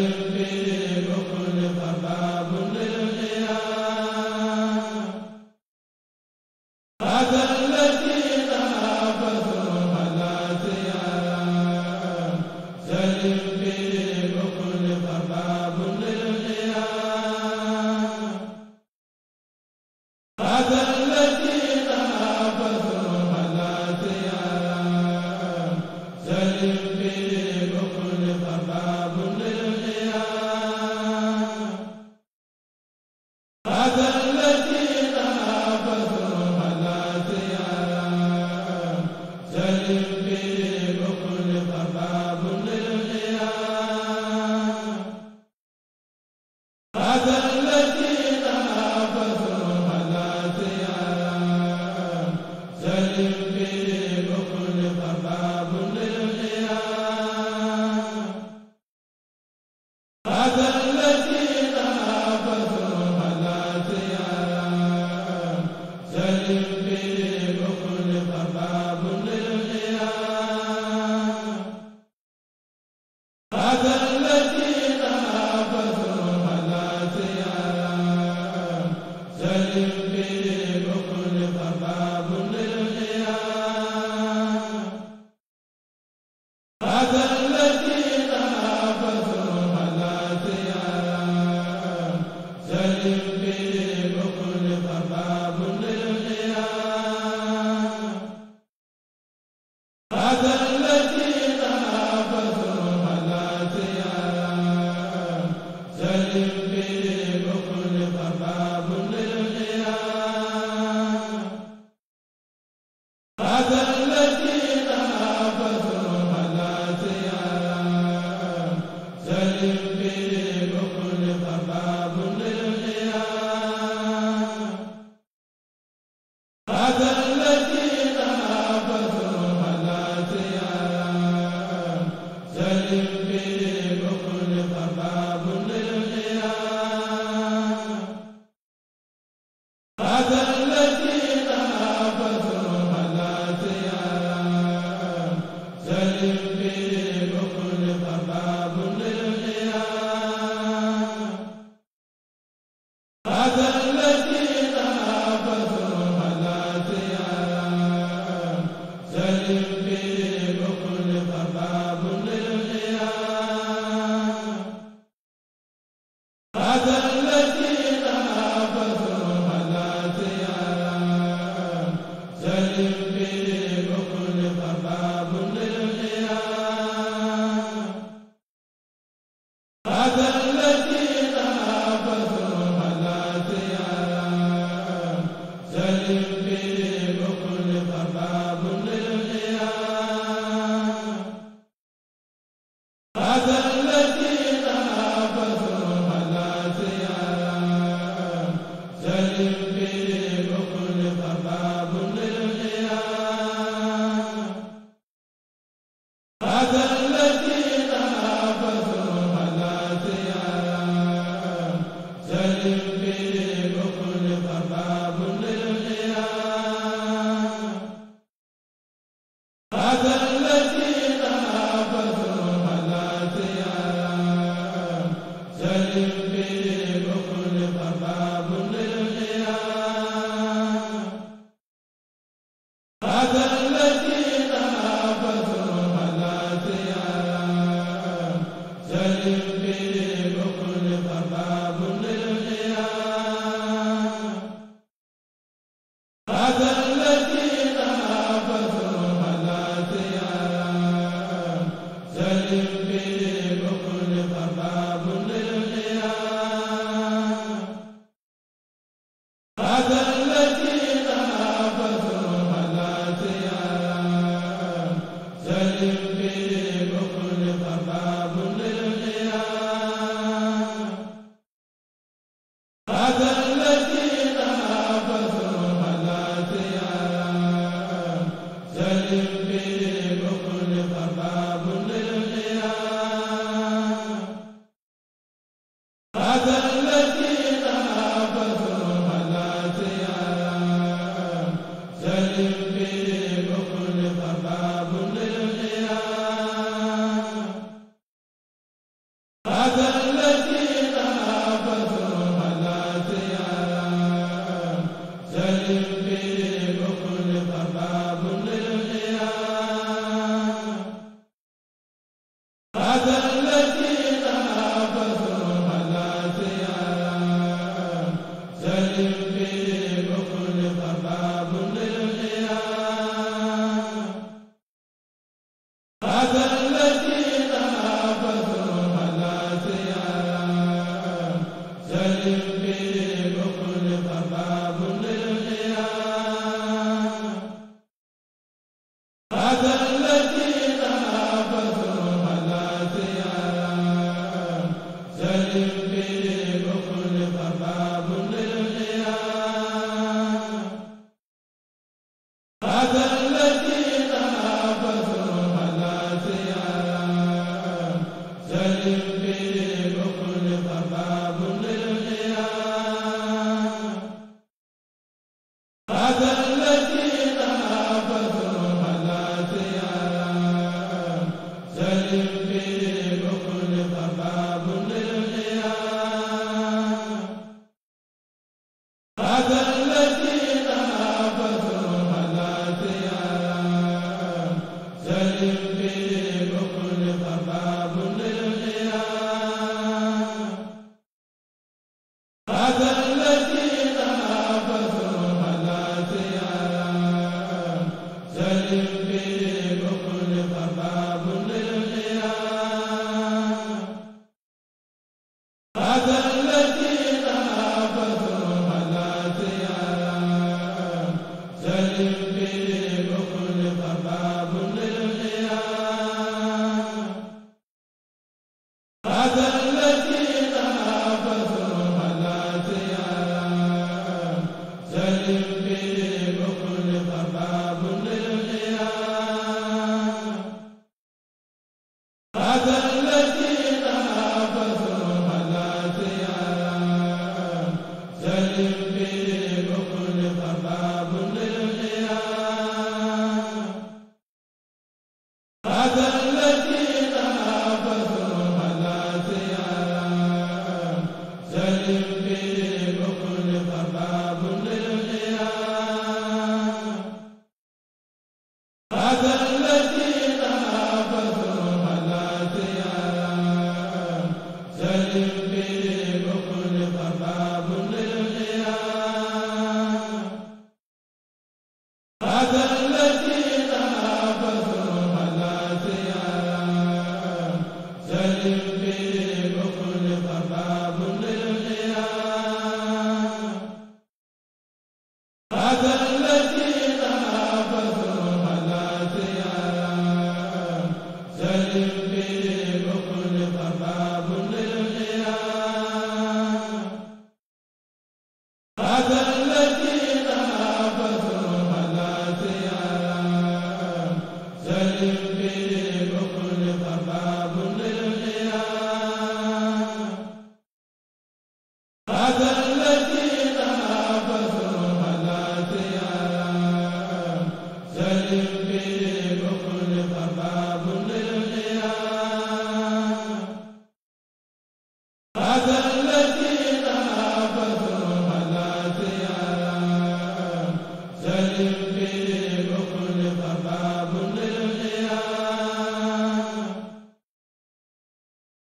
الْمُسْتَقِيمِ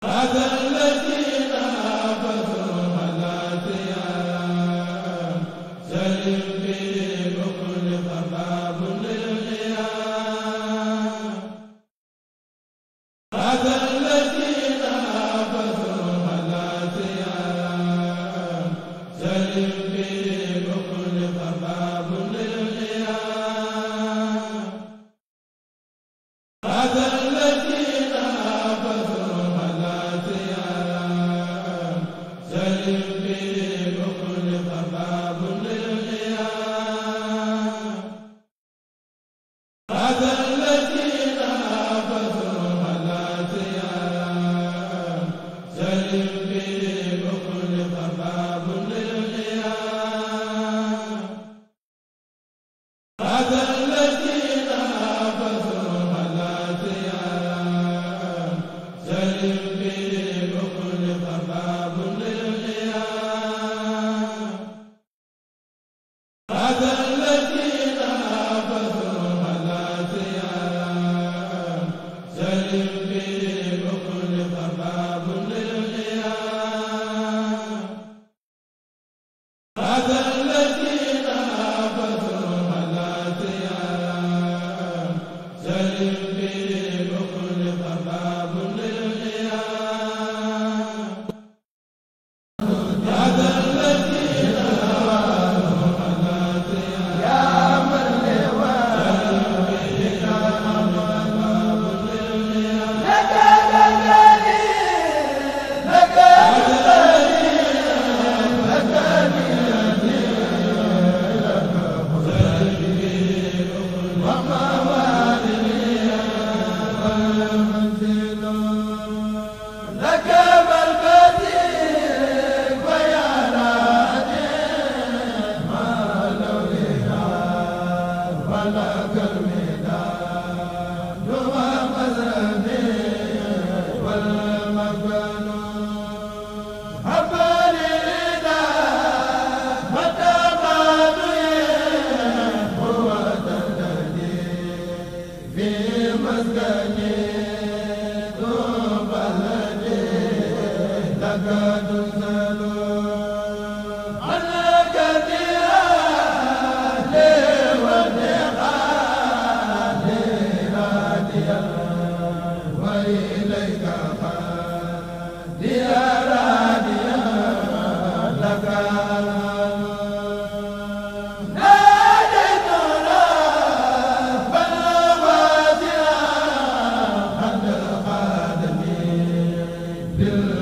هذا Yeah.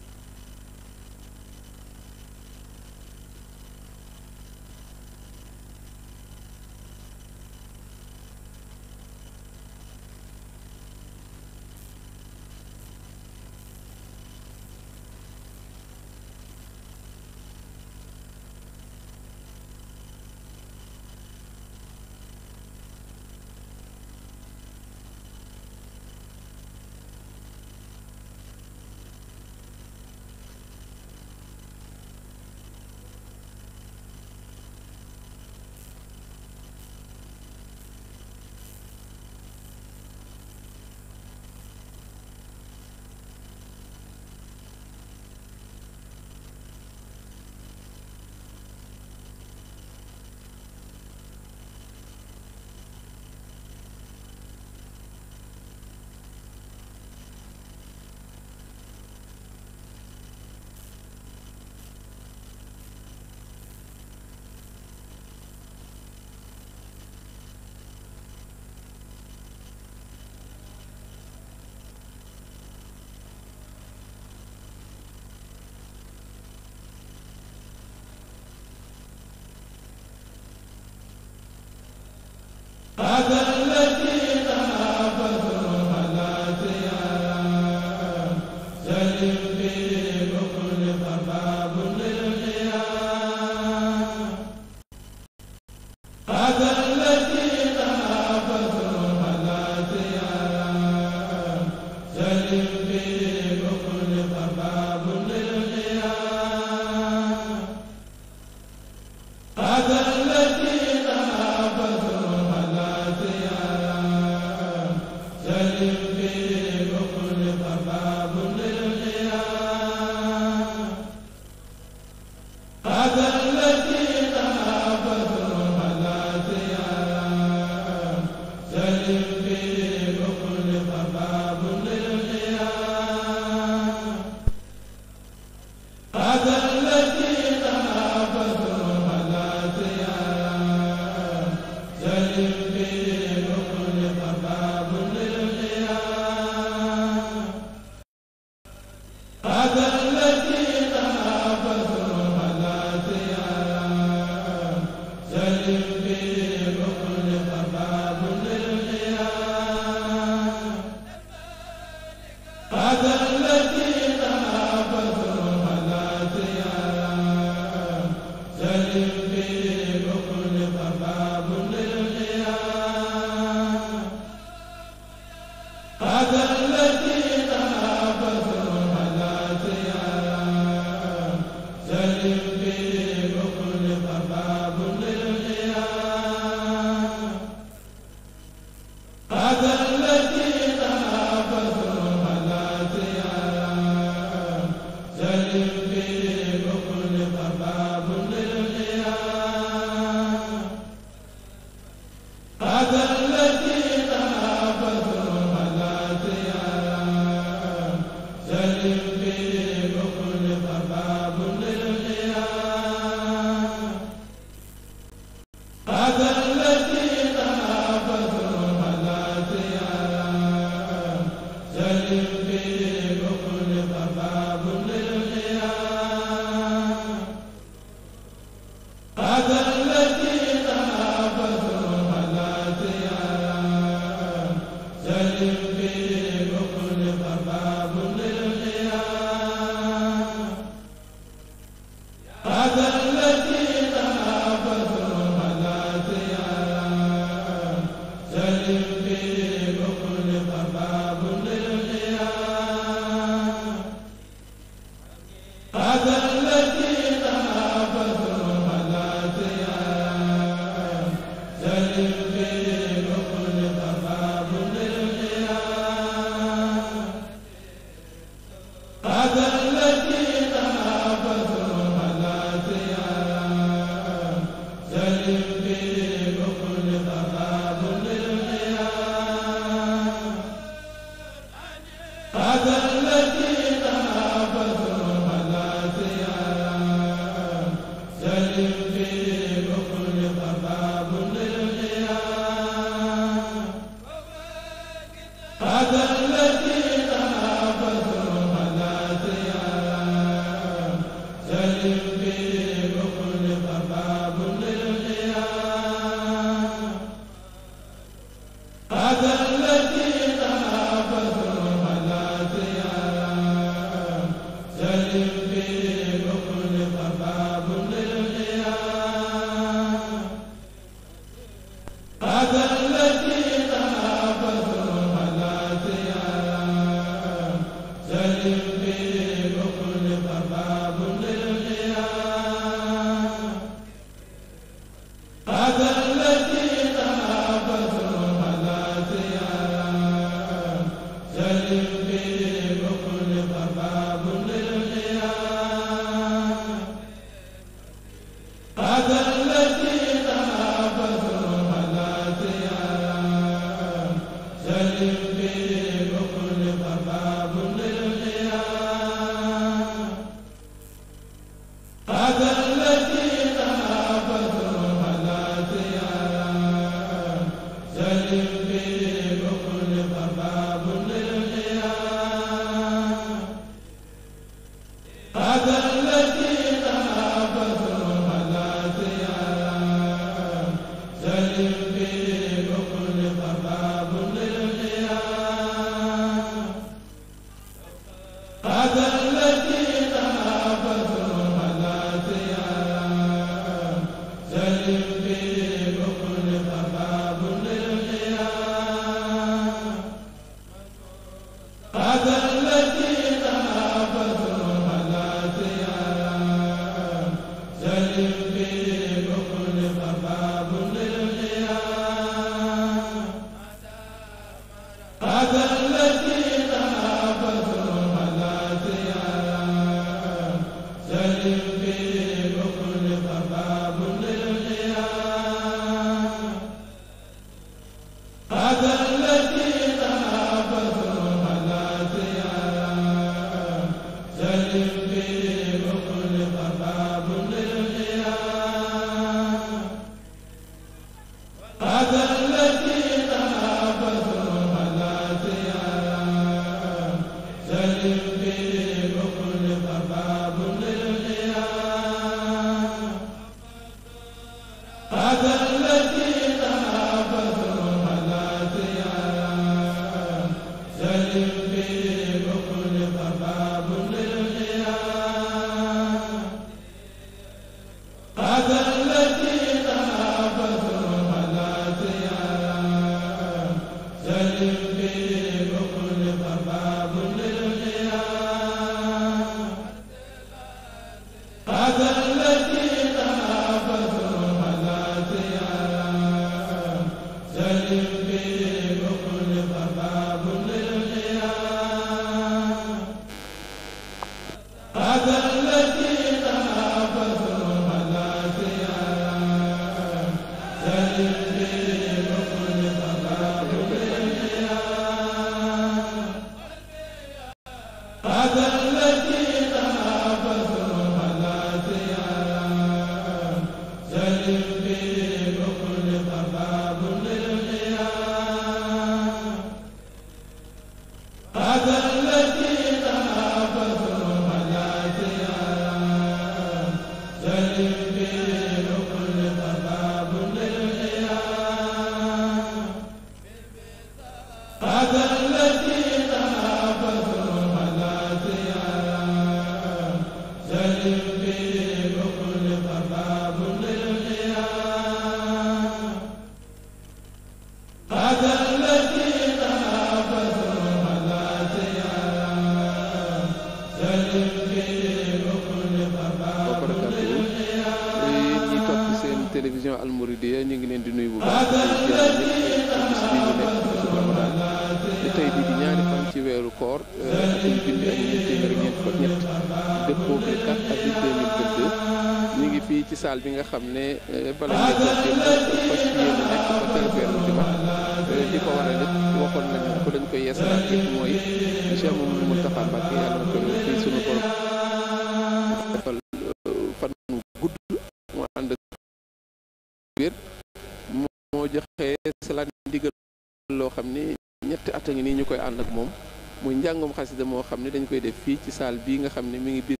saal bii nga xam ne mi ngi biir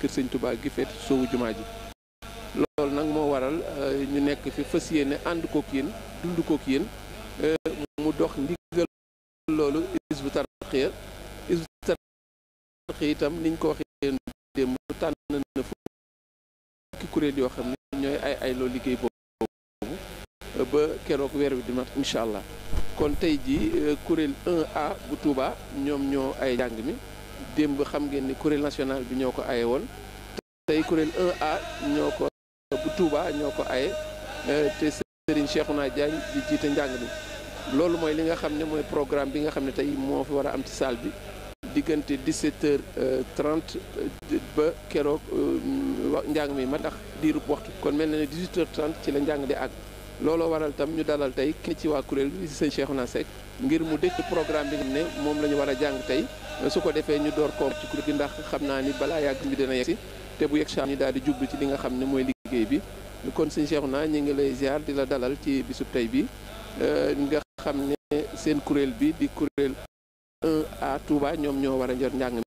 kër sëñ Touba gi feet soowu jumaa ji loolu nag moo waral euh, ñu nekk fi fas yéene ànd kook yéen dund kook yéen euh, mu dox ndigal loolu Hizbut Tarqiyyah Hizbut Tarqiyyah itam niñ ko waxee démb tànn na fukki kuréel yoo xam ne ñooy ay ay liggéey boobu ba keroog weer wi di mat incha allah kon tey ji euh, kuréel 1A bu Touba ñoom ñoo ay jàng mi démb xam ngeen ni kuréel national bi ñoo ko aye woon tey kuréel 1A e ñoo ko bu Touba ñoo ko aye eh, te Serigne Cheikhouna Diagne di jiite njàng mi loolu mooy li nga xam ne mooy programme bi nga xam ne tey moo fi war a am ci saal bi diggante 17h30 eh, ba keroog eh, njàng mi ma tax diirub waxtu kon mel na ne 18h30 ci la njàng di àgg looloo waral tam ñu dalal tey kenn ci waa kuréel bi si naa Cheikhouna Seck ngir mu dëkk programme bi nga ne moom lañu ñu war a jàng tey su ko defee ñu door koom ci kuréel ndax xam naa ni balaa yàgg bi dina te bu yegg saa daal di jublu ci li nga xam ne mooy liggéey bi kon sëñ Cheikh naa ñu ngi lay ziar di la dalal ci bisub tey bi euh, nga xam ne seen kuréel bi di kuréel 1 ñoom ñoo war a jot njàng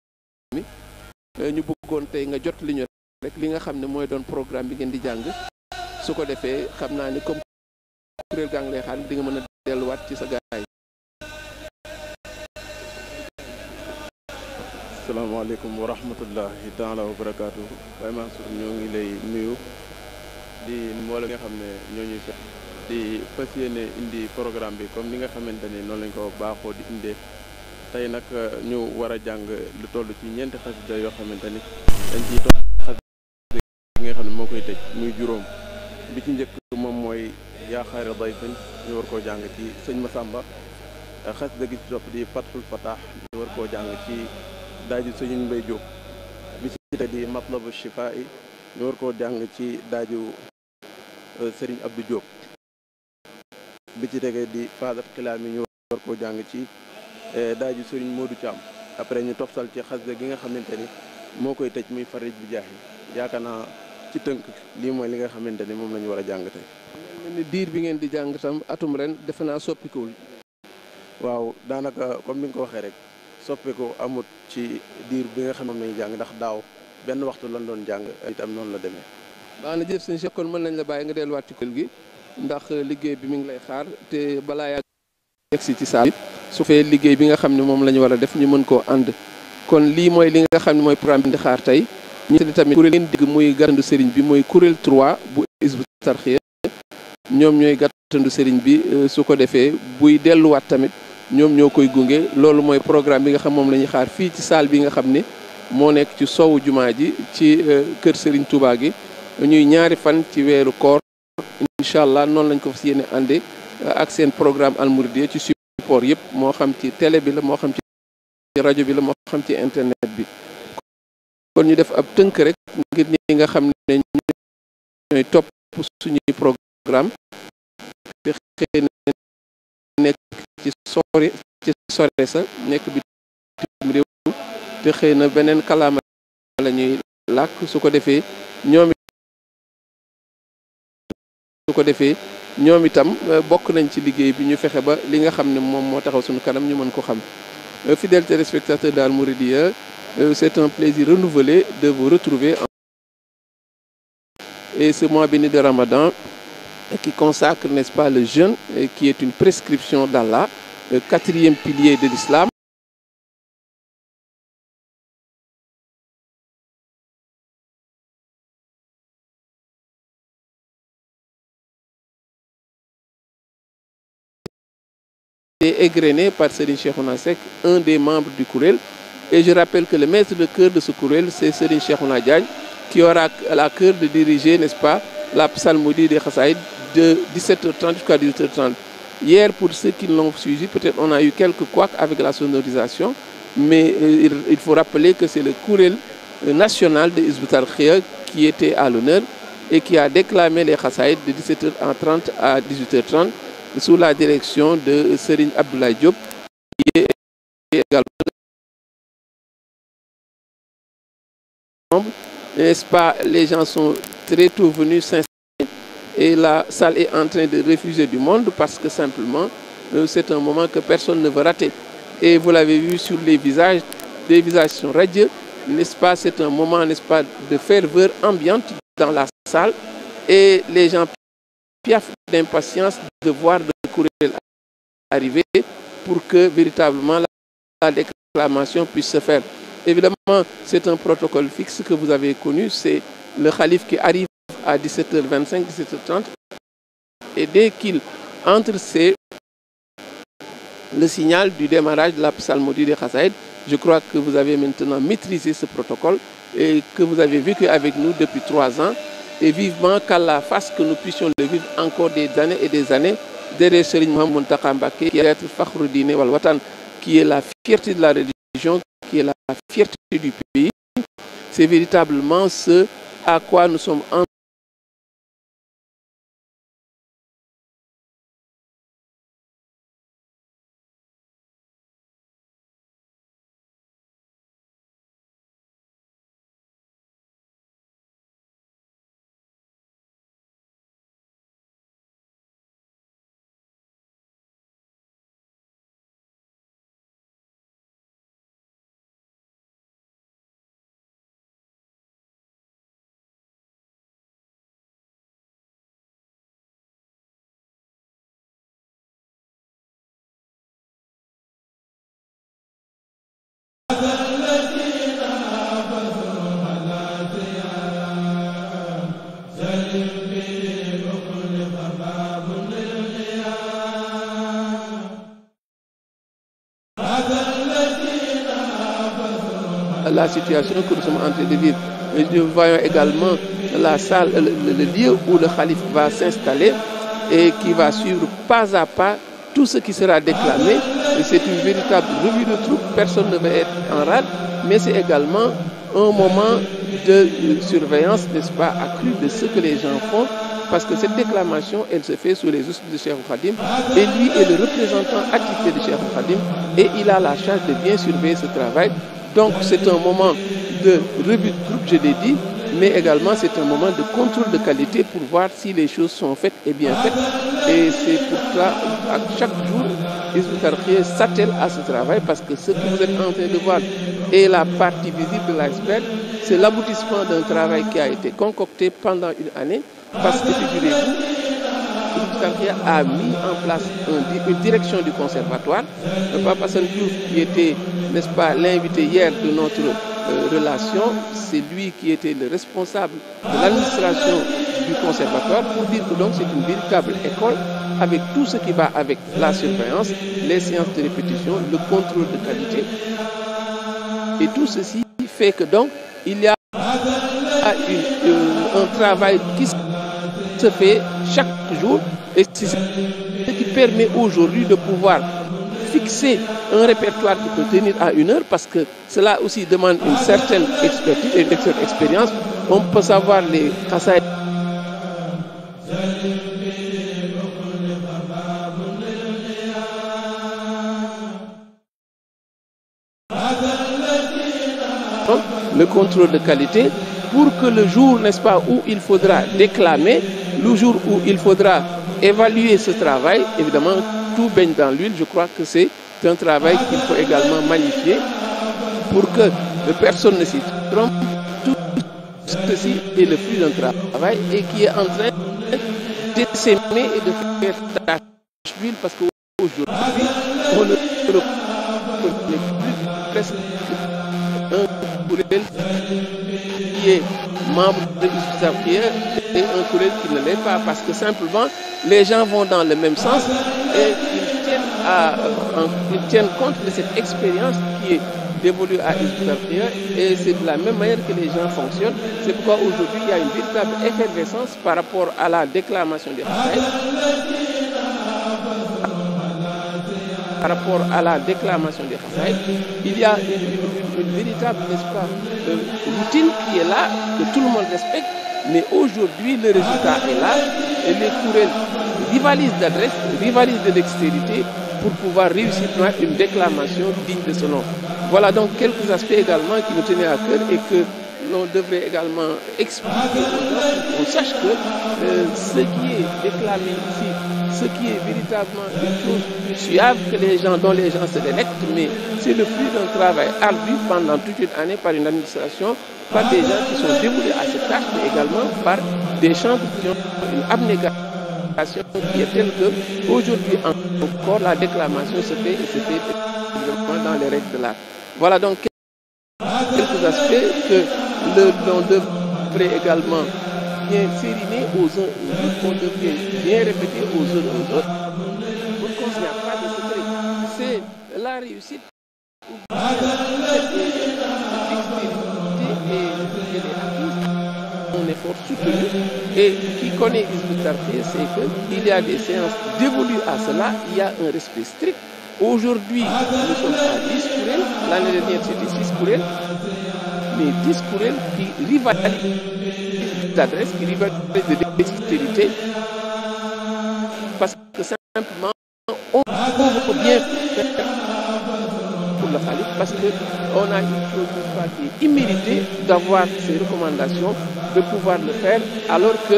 mi euh, ñu bëggoon tey nga jot li ñu li nga xam ne mooy doon programme bi ngeen di jàng su ko defee xam naa ni comme kuréel gaa ngi lay xaar di nga mën a delluwaat ci sa gaay asalaamaaleykum wa rahmatullahi taala wa barakaatu Baye Mansour ñoo ngi lay nuyu di mboole nga xam ne ñoo ñuy seet di fas yéene indi programme bi comme ni nga xamante ni noonu lañ ko baaxoo di indee tey nag euh, ñu war a jàng lu toll ci ñeenti xasida yoo xamante ni dañ ciy topp nga xam ne moo koy tëj muy juróom bi ci njëkk moom mooy yaaxaari dayfin ñu war koo jàng ci sëñ Masamba xasida gi ci topp di Fathul Fatah ñu war koo jàng ci daaju Sëriñ Mbay Jóob bi ci te di matlabu shifaa yi ñu war koo jàng ci daaju euh, Sëriñ Abdu Jóob bi ci tege di fadat xilaam yi ñu war koo jàng ci euh, daaju Sëriñ Moodu Caam après ñu toftal ci xasida gi nga xamante ni moo koy tëj muy farij bi jaax yi yaakaar naa ci tënk lii mooy li nga xamante ni moom lañu war a jàng tey diir bi ngeen di jàng tam atum ren defe naa soppikuwul waaw daanaka comme ni nga ko waxee rek soppeeku amut ci diir bi nga xam ne nañu jàng ndax daaw benn waxtu lan doon jàng itam noonu la demee. baax na jëf sëñ Cheikh kon mën nañ la bàyyi nga delluwaat ci kuréel gi ndax liggéey bi mi ngi lay xaar te balaa yàgg yegsi ci saal su fee liggéey bi nga xam ne moom la ñu war a def ñu mën koo ànd kon lii mooy li nga xam ne mooy programme bi di xaar tey ñu seetlu tamit kuréel ngeen digg muy gàttandu sëriñ bi mooy kuréel 3 bu Hizbut Tarqiyyah ñoom ñooy gàttandu sëriñ bi euh, su ko defee buy delluwaat tamit ñoom ñoo koy gunge loolu mooy programme bi nga xam moom la ñuy xaar fii ci salle bi nga xam ne moo nekk ci sowu jumaa ji ci euh, kër Serigne Touba gi ñuy ñaari fan ci weeru koor incha allah noonu lañ ko si yéene ànde euh, ak seen programme almouridiya ci support yëpp moo xam ci tele bi la moo xam ci rajo bi la moo xam ci internet bi kon ñu def ab tënk rek ngir ñi nga xam ne ñooy topp suñuy programme fexe sori ci sore sa nek bitim réew te xeyna benen beneen lañuy la suko defé su suko defé ñoom tam ko euh, nañ ci liggéey bi ñu fexé ba li nga xamné mom mo taxaw suñu kanam ñu mën ko xam euh, fidèles téléspectateurs d'Al Mouridia, euh, c'est un plaisir renouvelé de vous retrouver et ce mois béni de Ramadan qui consacre n'est-ce pas le jeûne qui est une prescription d'Allah le quatrième pilier de l'islam. est égrené par Serine Cheikh un des membres du Kourel. Et je rappelle que le maître de cœur de ce courriel, c'est Serine Cheikh qui aura la cœur de diriger, n'est-ce pas, la psalmodie des Khassaïd de 17h30 jusqu'à 18h30. Hier, pour ceux qui l'ont suivi, peut-être on a eu quelques couacs avec la sonorisation, mais euh, il, faut rappeler que c'est le courriel euh, national de Hizbut qui était à l'honneur et qui a déclamé les Khassaïd de 17h30 à 18h30 sous la direction de euh, Serine Abdoulaye Diop, qui est ce pas, les gens sont très tout venus, et la salle est en train de refuser du monde parce que simplement, euh, c'est un moment que personne ne veut rater. Et vous l'avez vu sur les visages, les visages sont radieux, n'est-ce pas C'est un moment, n'est-ce pas, de ferveur ambiante dans la salle. Et les gens piaffent d'impatience de voir le courrier arriver pour que véritablement la, puisse se faire. Évidemment, c'est un protocole fixe que vous avez connu, c'est le calife qui arrive à 17h25, 17h30. Et dès qu'il entre, c'est le signal du démarrage de la psalmodie de Khazaïd. Je crois que vous avez maintenant maîtrisé ce protocole et que vous avez vécu avec nous depuis trois ans. Et vivement la fasse que nous puissions le vivre encore des années et des années derrière Mohamed qui est qui est la fierté de la religion, qui est la fierté du pays. C'est véritablement ce à quoi nous sommes situation que nous sommes en train de vivre. nous voyons également la salle, le, lieu où le calife va s'installer et qui va suivre pas à pas tout ce qui sera déclamé. C'est une véritable revue de troupe, personne ne va être en rade, mais c'est également un moment de surveillance, n'est-ce pas, accrue de ce que les gens font, parce que cette déclamation, elle se fait sous les auspices de Cheikh Fadim et lui est le représentant actif de Cheikh Fadim et il a la charge de bien surveiller ce travail donc c'est un moment de revue de groupe, je l'ai dit, mais également c'est un moment de contrôle de qualité pour voir si les choses sont faites et bien faites. Et c'est pour ça à chaque jour, Hizb s'attellent à ce travail parce que ce que vous êtes en train de voir est la partie visible de l'iceberg. C'est l'aboutissement d'un travail qui a été concocté pendant une année parce que figurez-vous, a mis en place une direction du conservatoire. Le Papa Diouf, qui était, n'est-ce pas, l'invité hier de notre euh, relation, c'est lui qui était le responsable de l'administration du conservatoire pour dire que donc c'est une véritable école avec tout ce qui va avec la surveillance, les séances de répétition, le contrôle de qualité. Et tout ceci fait que donc il y a euh, un travail qui se fait chaque jour. Et ce qui permet aujourd'hui de pouvoir fixer un répertoire qui peut tenir à une heure parce que cela aussi demande une certaine expertise une certaine expérience. On peut savoir les façades le contrôle de qualité, pour que le jour, n'est-ce pas, où il faudra déclamer, le jour où il faudra évaluer ce travail, évidemment, tout baigne dans l'huile. Je crois que c'est un travail qu'il faut également magnifier pour que personne ne s'y trompe. Tout ceci est le fruit d'un travail et qui est en train d'essaimer et de faire tâche d'huile parce qu'aujourd'hui, on ne peut plus presque un est membre de Pierre et un collègue qui ne l'est pas, parce que simplement, les gens vont dans le même sens et ils tiennent, euh, compte de cette expérience qui est dévolue à et c'est de la même manière que les gens fonctionnent. C'est pourquoi aujourd'hui, il y a une véritable effervescence par rapport à la déclamation des par rapport à la déclamation des Khazaïd, il y a une, véritable euh, routine qui est là, que tout le monde respecte, mais aujourd'hui le résultat est là, et les courants rivalisent d'adresse, rivalisent de dextérité pour pouvoir réussir une déclamation digne de ce nom. Voilà donc quelques aspects également qui nous tenaient à cœur et que l'on devrait également expliquer On sache que euh, ce qui est déclamé ici ce qui est véritablement une chose suave que les gens dont les gens se délectent, mais c'est le fruit d'un travail ardu pendant toute une année par une administration, par des gens qui sont dévoués à cette tâche, mais également par des gens qui ont une abnégation qui est telle que aujourd'hui encore la déclamation se fait et se fait dans les règles de Voilà donc quelques aspects que l'on devrait également bien férimé aux uns aux autres, bien répéter aux uns aux autres, pour n'y a pas de secret. C'est la réussite et effort soutenu et qui connaît Isbutarté, c'est qu'il y a des séances dévolues à cela, il y a un respect strict Aujourd'hui, nous sommes à 10 pour L'année dernière, c'était 6 pour elle des discours qui rivalisent d'adresse, qui rivalisent de dextérité, parce que simplement, on peut bien faire pour la famille. parce qu'on a une chose est immérité d'avoir ces recommandations, de pouvoir le faire, alors que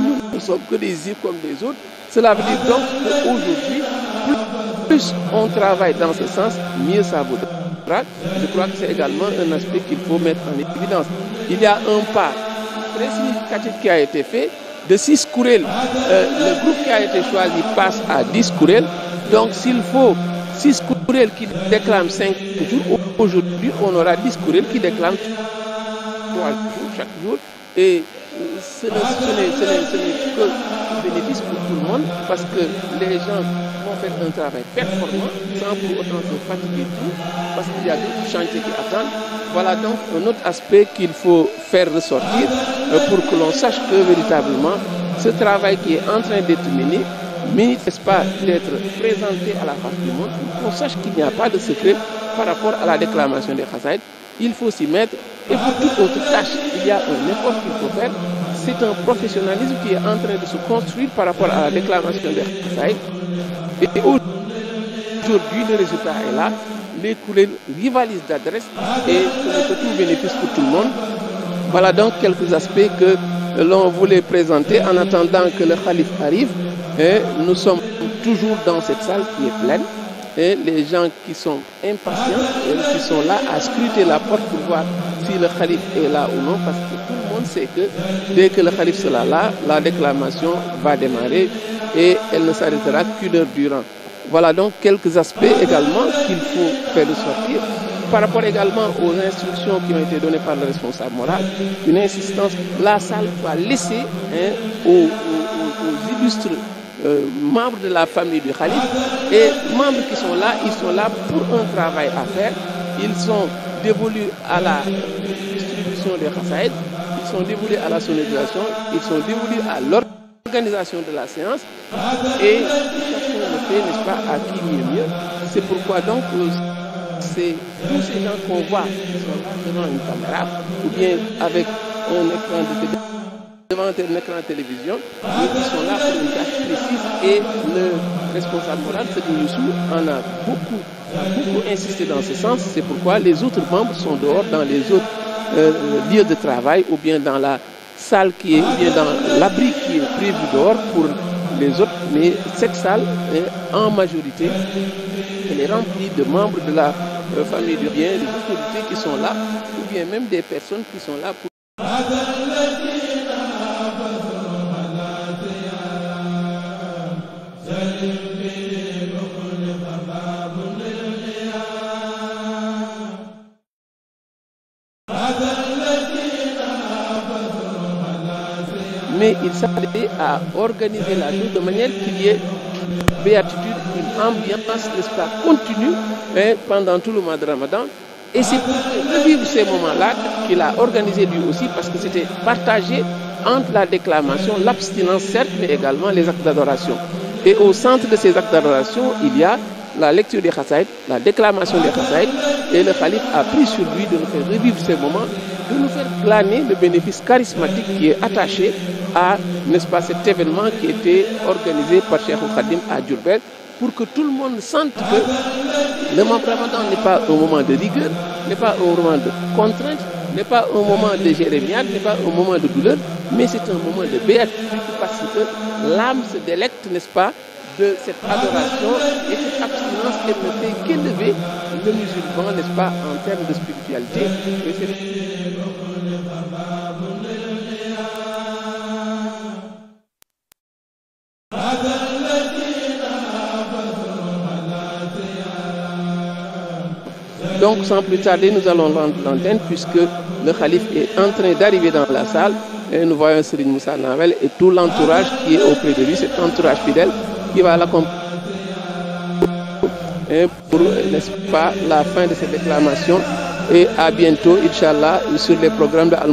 nous ne sommes que des îles comme des autres. Cela veut dire donc qu'aujourd'hui, plus on travaille dans ce sens, mieux ça vaudra je crois que c'est également un aspect qu'il faut mettre en évidence. Il y a un pas très significatif qui a été fait de 6 courelles. Euh, le groupe qui a été choisi passe à 10 courelles. Donc s'il faut 6 courelles qui déclament 5 jours, aujourd'hui on aura 10 courelles qui déclament 3 jours chaque jour. Et euh, ce n'est que bénéfice pour tout le monde parce que les gens faire un travail performant sans pour autant se fatiguer tout, parce qu'il y a des chantiers qui attendent. Voilà donc un autre aspect qu'il faut faire ressortir euh, pour que l'on sache que véritablement ce travail qui est en train d'être mené mérite pas d'être présenté à la face du monde, qu'on sache qu'il n'y a pas de secret par rapport à la déclamation des Khazaïd. Il faut s'y mettre et pour toute autre tâche, il y a un effort qu'il faut faire c'est un professionnalisme qui est en train de se construire par rapport à la déclaration de Saïd. Et aujourd'hui, le résultat est là. Les coulées rivalisent d'adresse et c'est tout bénéfice pour tout le monde. Voilà donc quelques aspects que l'on voulait présenter en attendant que le Khalif arrive. Et nous sommes toujours dans cette salle qui est pleine. Et les gens qui sont impatients, et qui sont là à scruter la porte pour voir si le Khalif est là ou non, parce que c'est que dès que le khalif sera là, la déclamation va démarrer et elle ne s'arrêtera qu'une heure durant. Voilà donc quelques aspects également qu'il faut faire ressortir. Par rapport également aux instructions qui ont été données par le responsable moral, une insistance, la salle va laisser hein, aux, illustres euh, membres de la famille du khalif et membres qui sont là, ils sont là pour un travail à faire. Ils sont dévolus à la distribution des Khassaïd ils sont dévoulés à la sonorisation, ils sont dévoulés à l'organisation de la séance et chacun le fait, n'est-ce pas, à qui il est mieux. C'est pourquoi donc euh, c'est tous ces gens qu'on voit devant une caméra ou bien avec un écran de télévision devant un écran de télévision, ils sont là pour une tâche précise et le responsable moral, c'est Youssou, en a beaucoup, beaucoup insisté dans ce sens. C'est pourquoi les autres membres sont dehors dans les autres euh, euh, lieu de travail ou bien dans la salle qui est, ou bien dans l'abri qui est prévu dehors pour les autres, mais cette salle est en majorité elle est remplie de membres de la euh, famille du bien, des autorités qui sont là, ou bien même des personnes qui sont là pour... aidé à organiser la chose de manière qu'il y ait une béatitude, une ambiance, nest continue hein, pendant tout le mois de Ramadan. Et c'est pour revivre ces moments-là qu'il a organisé lui aussi, parce que c'était partagé entre la déclamation, l'abstinence certes, mais également les actes d'adoration. Et au centre de ces actes d'adoration, il y a la lecture des Khassaïd, la déclamation des Khassaïd, et le Khalif a pris sur lui de nous faire revivre ces moments de nous faire planer le bénéfice charismatique qui est attaché à, n'est-ce pas, cet événement qui était organisé par Cheikh Khadim à Djurbel pour que tout le monde sente que le moment n'est pas un moment de rigueur, n'est pas un moment de contrainte, n'est pas un moment de jérémiade, n'est pas un moment de douleur, mais c'est un moment de béatitude parce que l'âme se délecte, n'est-ce pas, de cette adoration et cette abstinence ne fait de le musulman, n'est-ce pas, en termes de spiritualité. Donc, sans plus tarder, nous allons rendre l'antenne puisque le calife est en train d'arriver dans la salle et nous voyons Serine Moussa Nawel et tout l'entourage qui est auprès de lui, cet entourage fidèle qui va la l'accompagner pour, n'est-ce pas, la fin de cette déclamation. Et à bientôt, Inch'Allah, sur les programmes de al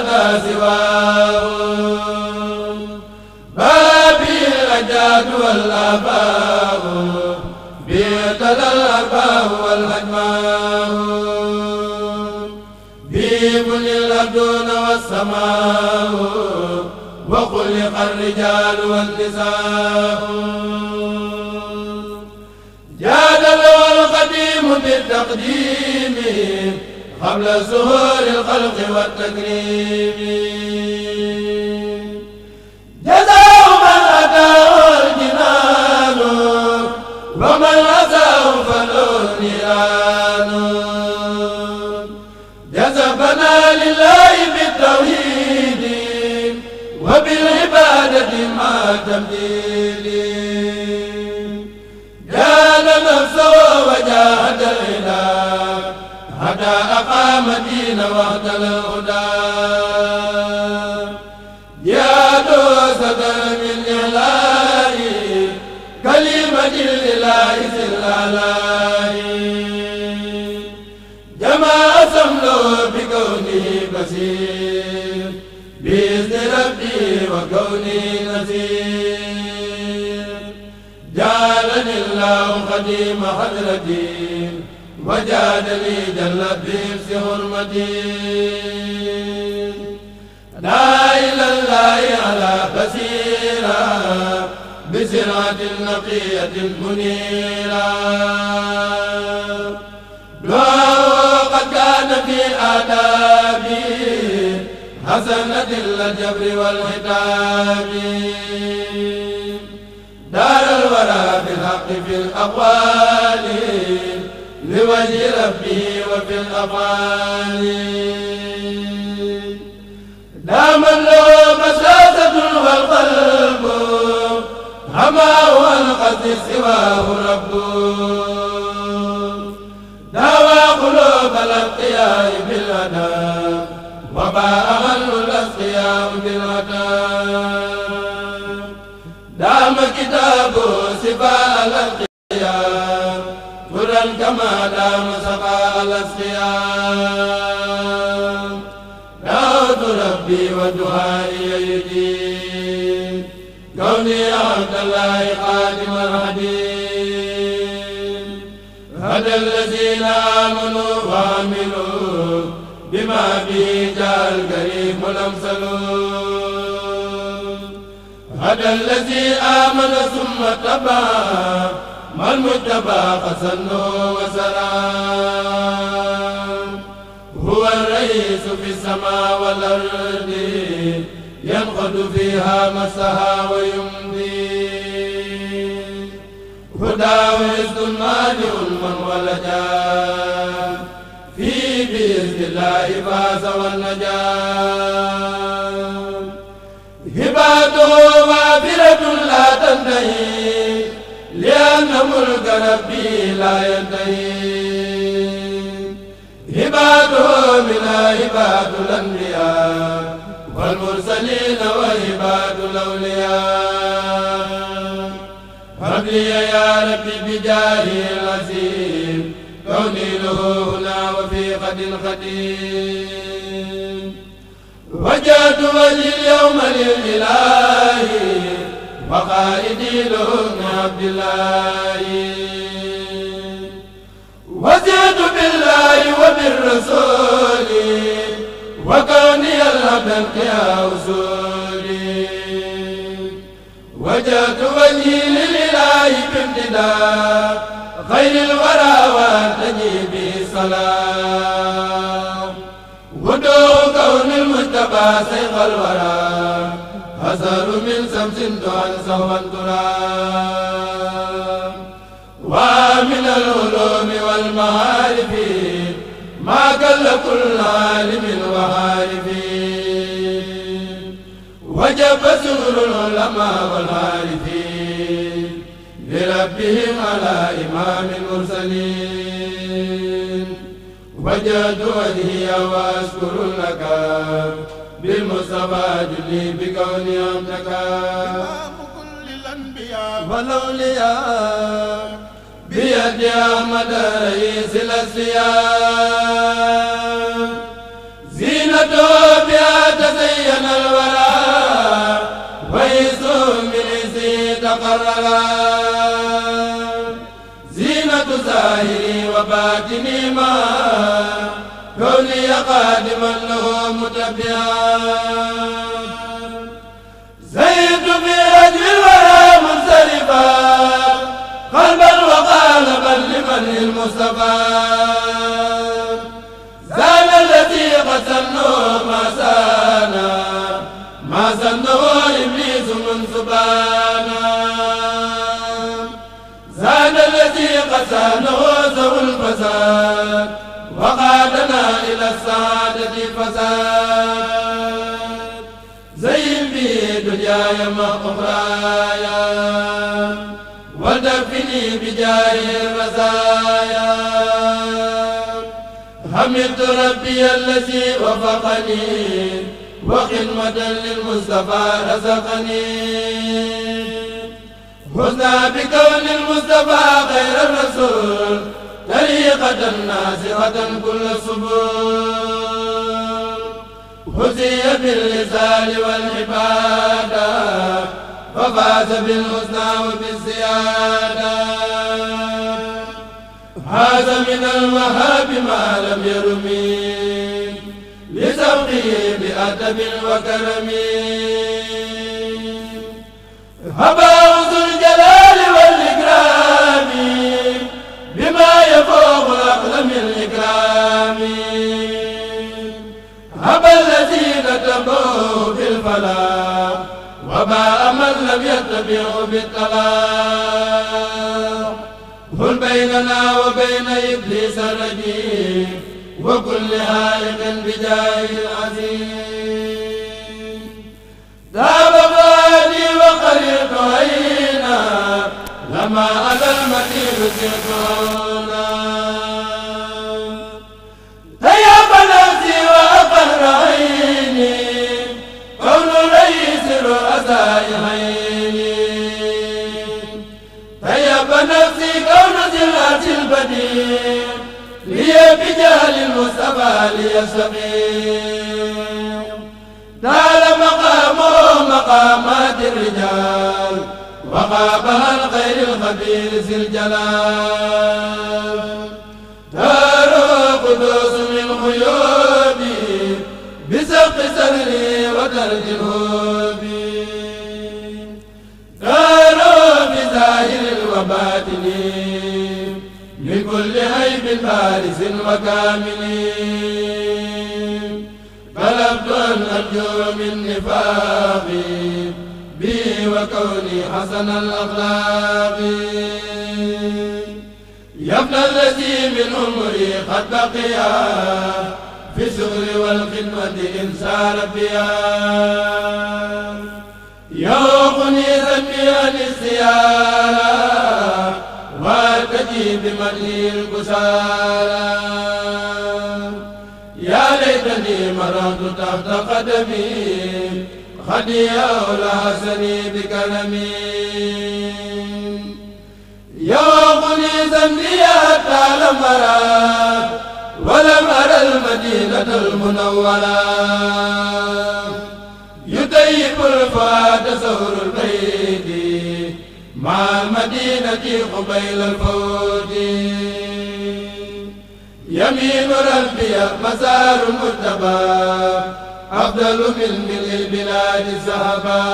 لنا سواه بابي الأجاد والآباء بيت الأرباء والأجماع بيم الأرضون والسماء وخلق الرجال والنساء جادل القديم بالتقديم قبل زهور الخلق والتكريم جزاء من أداه الجنان ومن أتاه فالأنيان جذبنا لله بالتوحيد وبالعبادة ما تمديد أقام الدين وحد الهدى جاد صدر من إعلاء كلمة الإله سلالة جمع سمله بكونه بصير بإذن ربي وكوني نذير جعلني الله خديم حضرتي وجادني جل الدين في حرمتي لا إله إلا على بصيرة بسرعة نقية منيرة دعاء قد كان في آدابي حسنة الجبر والعتاب دار الورى بالحق في الأقوال وجه ربه وفي الأفعال دام له مساسة والقلب هما والقد سواه رب دام قلوب الأتقياء بالهدى وما أهل الأتقياء بالهدى دام نعم كتابه سباء الأتقياء الأنام سقاء الأسقياء دعوت ربي ودعائي يجيب كوني عبد الله خادم الحديد هدى الذين آمنوا وعملوا بما به جاء الكريم الأمثل هدى الذي آمن ثم تبع ما المجتبى حسن وسلام هو الرئيس في السماء والأرض ينقض فيها مسها ويمضي هدى وعز مانع من أمم ولجا في بإذن الله فاز والنجاة هباته وافرة لا تنتهي لأن ملك ربي لا ينتهي عباده من عباد الأنبياء والمرسلين وعباد الأولياء ربي يا ربي بجاهه العزيم كوني له هنا وفي قد قديم وجاءت وجهي اليوم للإله وقائدي لون عبد الله وزيد بالله وبالرسول وكوني العبد يا وزولي وجدت وجهي للإله بامتداد خير الورى وانتجي صلاة ودو كون المجتبى سيف الورى أزهر من سمس دعا سهوا ترام ومن العلوم والمعارف ما قل كل عالم وعارف وجب سر العلماء والعارفين لربهم على إمام المرسلين وجدوا وجهي وأشكر لك بالمصطفى جلي بكوني أمتكا إمام كل الأنبياء والأولياء بيد أحمد رئيس الأسرياء زينته بها تزين الورى ويس من إزي تقررا زينة ظاهري وباطني ما كوني قادما له متبعا زيد في أجل الورى منصرفا قلبا وقالبا لمن المصطفى زان الذي قتلنه ما زانا ما زنه إبليس من سبان مقبرايا ودفني بجاه الرزايا حمد ربي الذي وفقني وخدمة للمصطفى رزقني حسنا بكون المصطفى غير الرسول طريقة ناصحة كل سبل هزي بالرزال والعبادة وفاز بالغزنى وبالزيادة هذا من الوهاب ما لم يرمي لزوقه بأدب وكرم هباء تبوا الفلا وما من لم يتبع بالطلا هل بيننا وبين إبليس الرجيم وكل هائق بجاه العزيم ذهب غادي وقريب عينا لما أدى المكير سيطان moo وباتن من كل عيب بارز وكامل بلغت أن أرجو من نفاقي بي وكوني حسن الأخلاق يا ابن الذي من عمري قد بقيا في الشغل والخدمة إن سار فيها يوقني ذنبي عن السيارة بمدي البسالى يا ليتني مررت تحت قدمي خدي أولى سني بكلمي يومني ذنبي حتى لم أراك ولم أرى المدينة المنورة يطيب الفؤاد زهر البيت مع المدينة قبيل الفوج يمين ربي مسار المرتبى أفضل من ملء البلاد الزهبا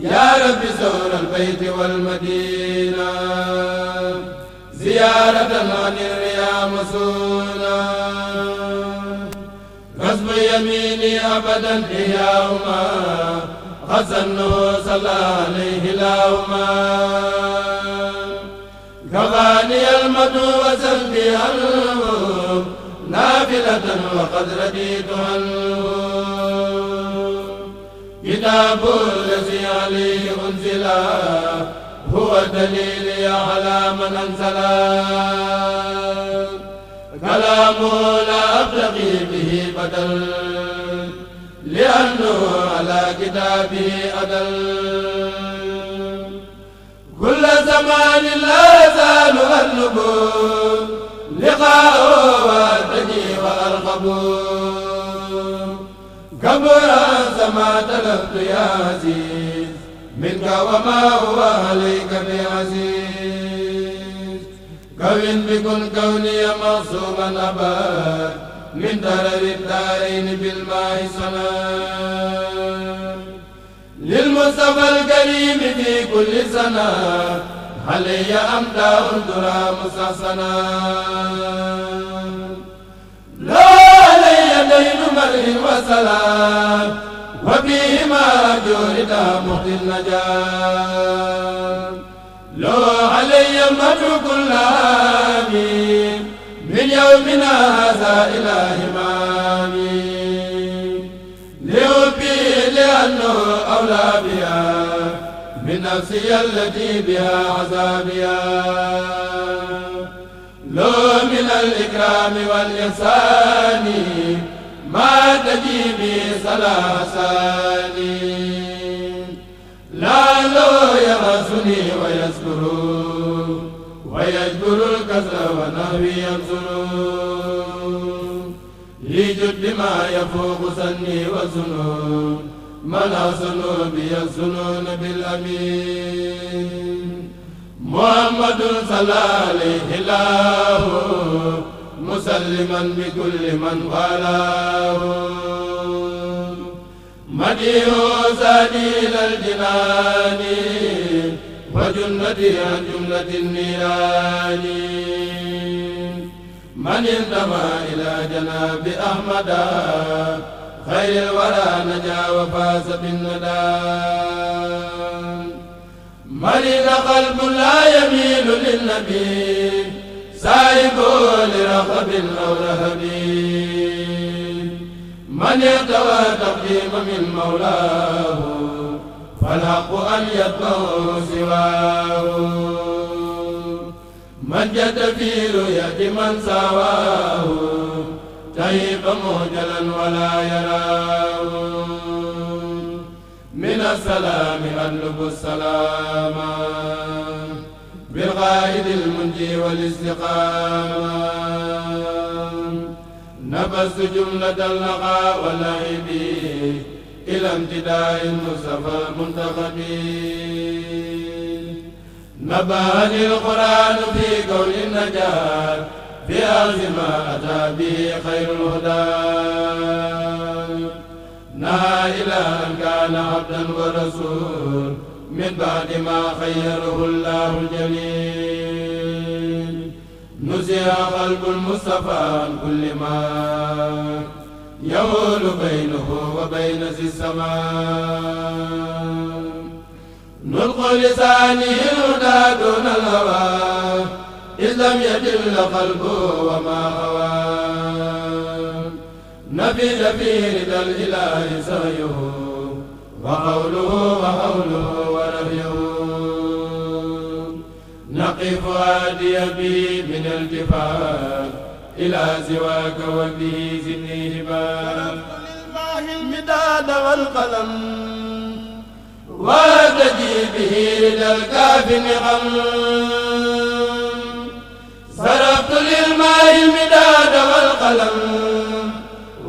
يا رب زور البيت والمدينة زيارة عن الرياء مسونا غصب يميني أبدا إياهما غزن وصلى عليه اللهم كفاني المد وسلبي عنه نافلة وقد رديت عنه كتاب الذي عليه أنزل هو دليلي على من أنزل كلام لا أبتغي به بدل على كتابه أدل كل زمان لا زال أطلب لقاء وأتجي وأرغب كبر ما تلفت يا عزيز منك وما هو عليك بعزيز كون بكل كوني معصوما أباك من درر الدارين بالماء صلاه للمصطفى الكريم في كل سنة علي أمدى أردنا مستحسنا لا علي دين مرء وسلام وفيهما جرد مهد النجاة لو علي المدر كل آمين من يومنا هذا إلى همامين نفسي التي بها عذابيا لو من الإكرام والإحسان ما تجيبي سلاساني لا لو يرسني ويذكر ويجبر الكسر ونهوي ينصر لجد ما يفوق سني وسنون منع ذنوبي الظنون بالأمين محمد صلى عليه الله مسلما بكل من والاه مديه سبيل الجنان وجنتي عن جملة النيران من انتمى إلى جناب أحمد خير الورى نجا وفاز بالندى مريض قلب لا يميل للنبي سائب لرغب أو رهب من يتوى تقديم من مولاه فالحق أن يطمع سواه من جد في رؤية من سواه تيب مهجلا ولا يراه من السلام أطلب السلام بالغائد المنجي والاستقامة نبذت جملة اللقاء واللعب إلى امتداء المصطفى المنتخب نبهني القرآن في كون النجاة بأرض ما أتى به خير الهدى نائلا أن كان عبدا ورسول من بعد ما خيره الله الجليل نزيع قلب المصطفى عن كل ما يول بينه وبين ذي السماء نلقي لسانه الهدى دون الهوى إذ لم يجل قلبه وما هوى نبي نبي رضا الإله سعيه وقوله وقوله ونبيه نقف هادي به من الكفاح إلى سواك وفي زني لله المداد والقلم وتجي به رضا الكاف نقم صرفت للماء المداد والقلم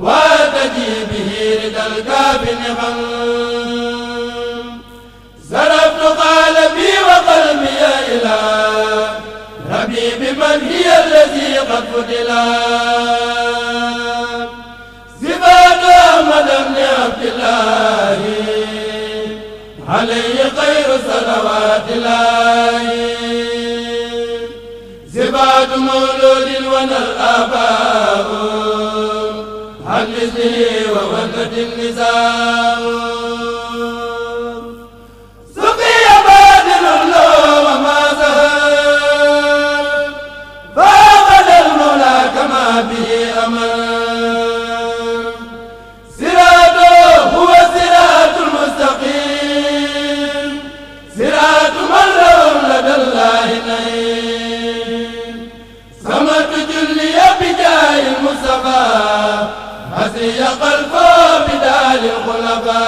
واتجي به رد القاب نغم زرفت قالبي وقلبي إلى ربي من هي الذي قد فتلا زباد أحمد بن عبد الله عليه خير صلوات الله مولود وانا الآباء عن مثله وولد قلبه بدال الخلفاء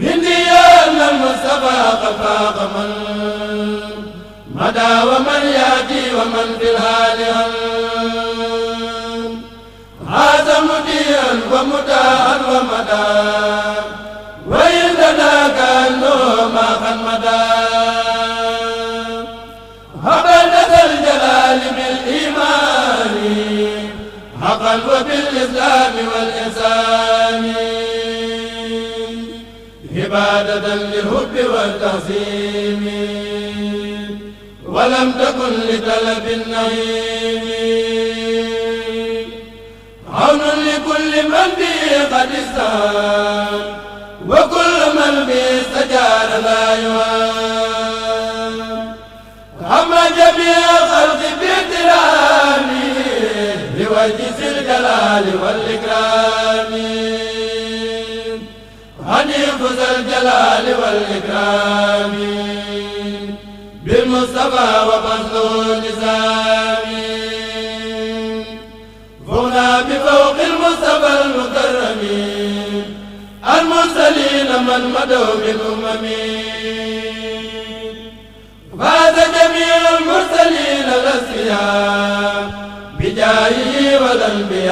هندي أن المصطفى قد من مدى ومن يأتي ومن في الهالهم هذا مديا ومتاء ومدى معا الإسلام والإحسان عبادة للحب والتعظيم ولم تكن لطلب النعيم عون لكل من به قد استهان وكل من به استجار لا يهان عم جميع خلق باحترامي الوجه الجلال والإكرام هنيف ذا الجلال والإكرام بالمصطفى وفضل النظام هنا بفوق المصطفى المكرم المرسلين من مدوا بالأمم فاز جميع المرسلين الأسياد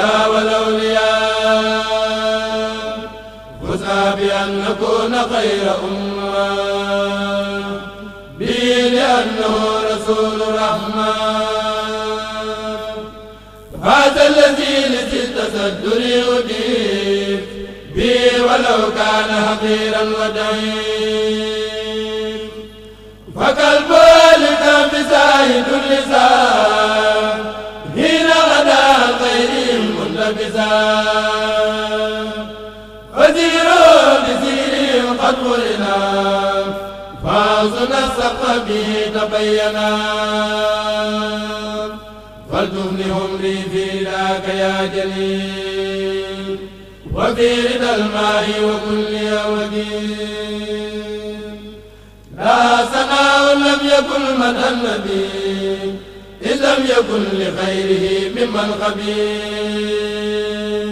الأنبياء والأولياء فزنا بأن نكون خير أمة بي لأنه رسول رحمة هذا الذي لجد تسدري أجيب ولو كان حقيرا وضعيف فكالبالك بزاهد اللسان وزير بزير قد ولنا فاصل السقط به تبينا فلتهن عمري في ذاك يا جليل وفي رضا الماء وكل يوم لا سماء لم يكن مدى النبي إن لم يكن لغيره ممن خبير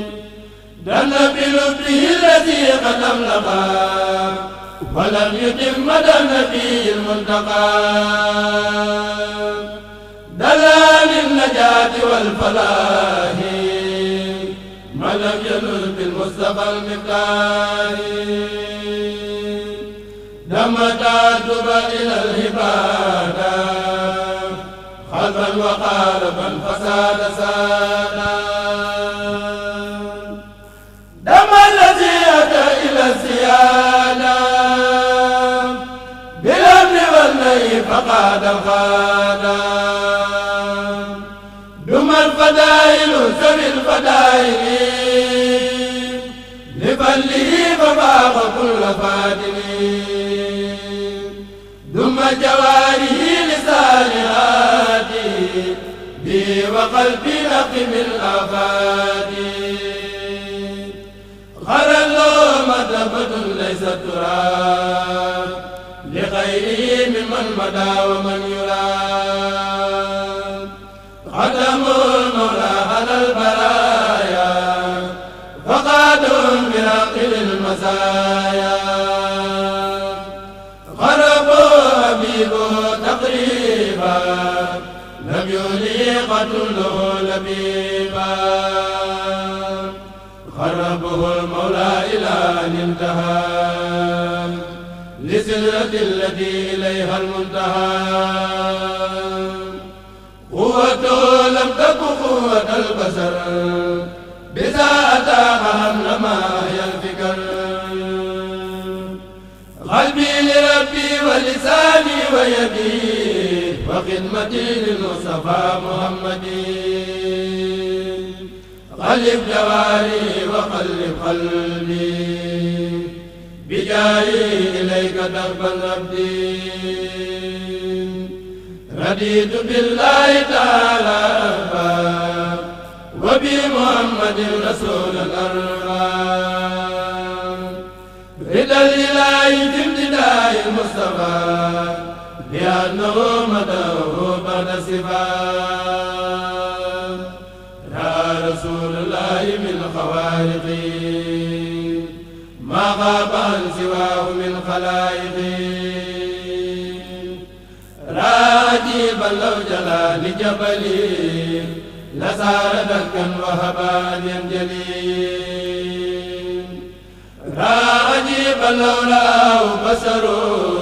دل بلبه الذي قد أملقا ولم يتم مدى النبي المنتقى دلا للنجاة والفلاح ما لم ينل بالمصطفى المقدار دمت الدبر إلى الهبادة الضلال الفساد سانا دم الذي أتى إلى الزيانة بالأمن والنهي فقاد الخانة دم الفدائل سم الفدائل لفله فباغ كل فادل دم جواره لسانها قلبي لقم الأبادي غرى اللوم مدبة ليس تراب لغيره ممن مدى ومن يراد قدم المولى على البرايا فقاد براقل المزايا قتله لبيبا خربه المولى إلى أن انتهى لسدرة التي إليها المنتهى قوته لم تكن قوة البشر بذا أتاها لما هي الفكر قلبي لربي ولساني ويدي وخدمتي للمصطفى محمد قلب جواري وقلب قلبي بجاي إليك دربا ربي رديت بالله تعالى ربا وبمحمد رسول الأرباب رضا الإله في ابتداء المصطفى والسباب يا رسول الله من خوارق ما غاب عن سواه من خلائق راجبا لو جلا لجبلي لسار دكا وهبا أن ينجلي راجبا لو رآه بصره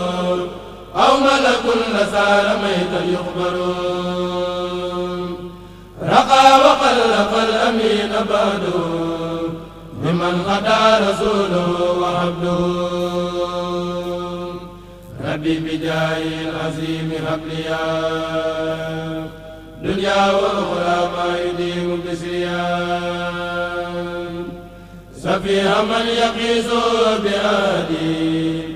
أو ملك لسار ميتا يخبر رقى وقلق الأمين بعد ممن غدا رسوله وعبده ربي بجاه العظيم هبليا دنيا وأخرى ما يديم بسريان سفيها من يقيس بهادي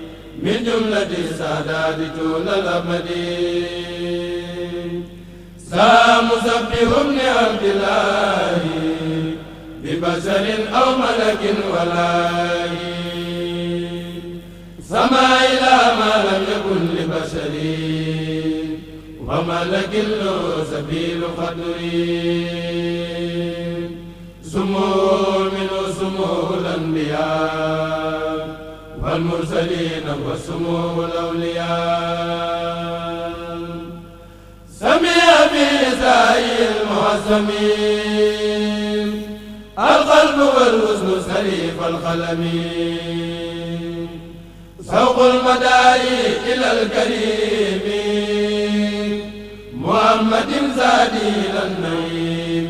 من جملة سادات جول الأمدي سامسبح لعبد الله ببشر أو ملك ولا سما إلى ما لم يكن لبشر وملك له سبيل قدر سمو من سمو الأنبياء والمرسلين والسمو الأولياء سمع بزاي المعزمين القلب والوزن سريف الخلمين سوق المداري إلى الكريم محمد زادي النعيم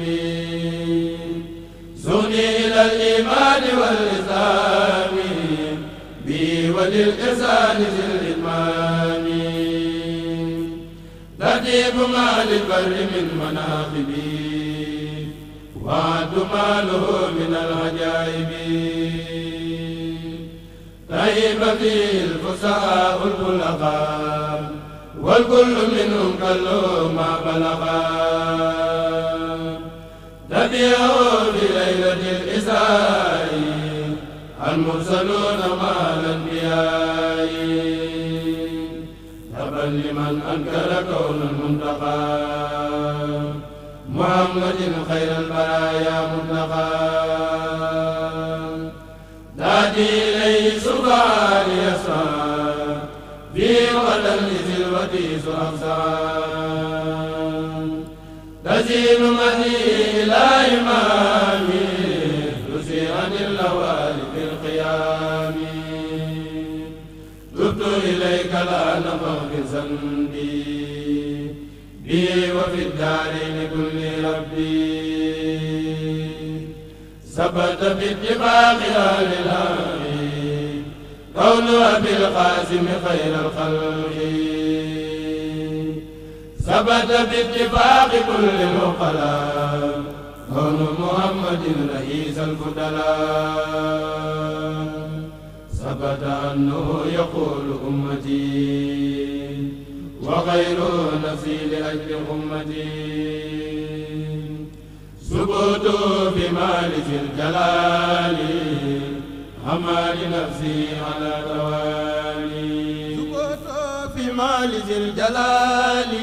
سوني إلى الإيمان والإسلام وللإرسال ذي الإتمام ترتيب ما للبر من مناقب وعد ماله من العجائب طيب فيه الفساء البلغاء والكل منهم كله ما بلغا تبيعوا في ليلة الإسلام المرسلون مع الأنبياء تبا لمن أنكر كون المنتقى محمد خير البرايا منتقى نادي إليه سبحان يسعى في غدا لزلوته سأفزعان تزين مهدي لا إيمان تعالى ذنبي بي وفي الدار لكل ربي ثبت في اتفاق اهل الامر قول ابي القاسم خير الخلق ثبت باتفاق كل العقلاء كون محمد رئيس الفضلاء ثبت أنه يقول أمتي وغير نفسي لأجل أمتي ثبوت في الجلال أما لنفسي على توالي ثبوت في الجلال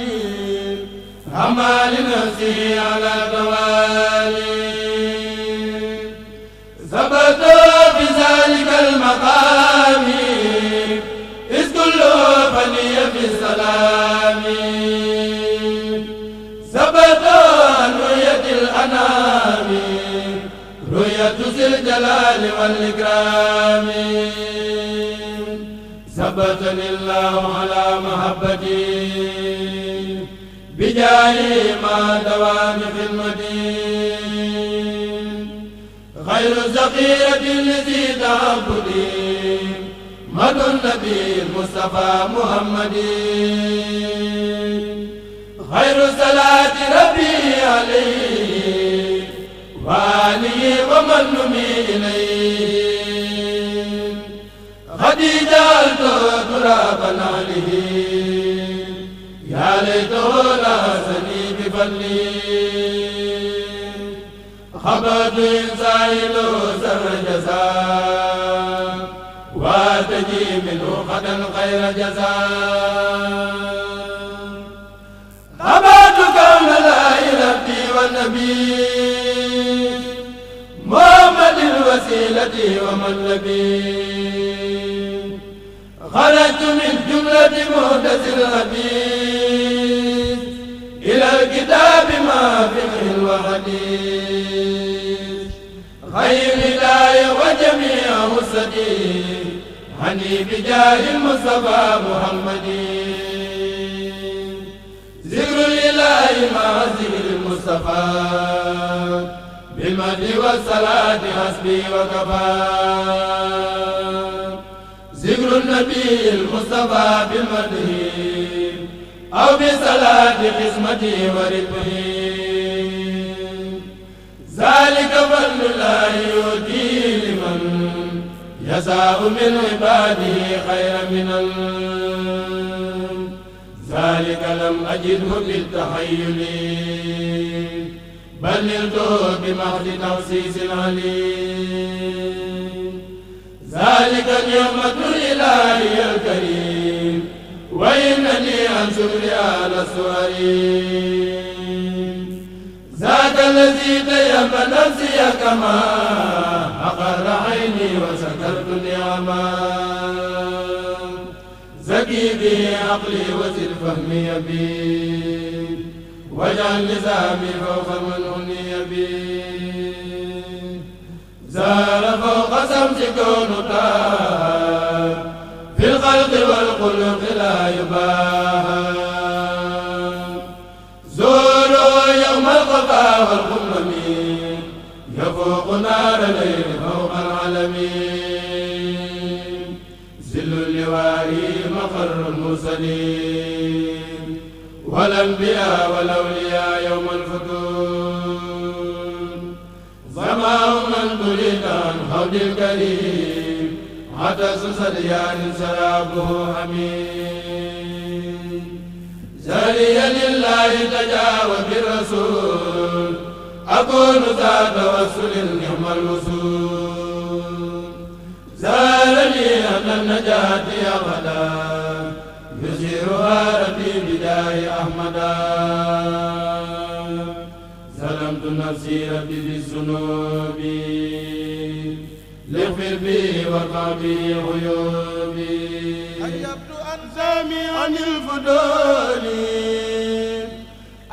أما لنفسي على توالي ثبت بزمان ذلك المقام إذ كل فني في السلام ثبت رؤية الأنام رؤية ذي الجلال والإكرام ثبتني الله على محبتي بجاه ما دوام خدمتي خير الزخيرة التي تعبدي مد النبي المصطفى محمد خير صلاة ربي عليه وآله ومن نمي إليه خديجة تراب عليه يا ليته لا سني بفضله محمد سائل سر جزاء وتجي منه غدا خير جزاء أبعد كون لا إلى والنبي محمد الوسيلة ومن نبي خرجت من جملة مهدس الحديث إلى الكتاب ما فقه الوحديث خير هداية وجميع مهتدين هني بجاه المصطفى محمد ذكر الإله مع ذكر المصطفى بالمد والصلاة حسبي وكفى ذكر النبي المصطفى بالمد أو بصلاة قسمتي وربه ذلك فضل الله يؤتي لمن يشاء من عباده خير من ذلك لم أجده بالتخيل بل نلته بمحض تخصيص عليم ذلك نعمة الإله الكريم وإنني عن شكر أهل ذاك الذي تيم نفسي كما أقر عيني وسكرت نعما زكي به عقلي وزد فهمي بي واجعل لزامي فوق من أني بي زار فوق سمت كون في الخلق والخلق لا يبال الله المؤمنين يفوق نار الليل فوق العالمين زل اللواء مقر المرسلين والأنبياء والأولياء يوم الفتون زمان من بريد عن حوض الكريم عطس سريان سرابه حميد زري لله تجاوب الرسول أقول ذا توسل يوم الوصول زارني أن النجاة أبدا يزيرها ربي بداي أحمدا سلمت نفسي ربي بالذنوب لغفر بي وارفع بي غيوبي أيبت أنزامي عن الفضول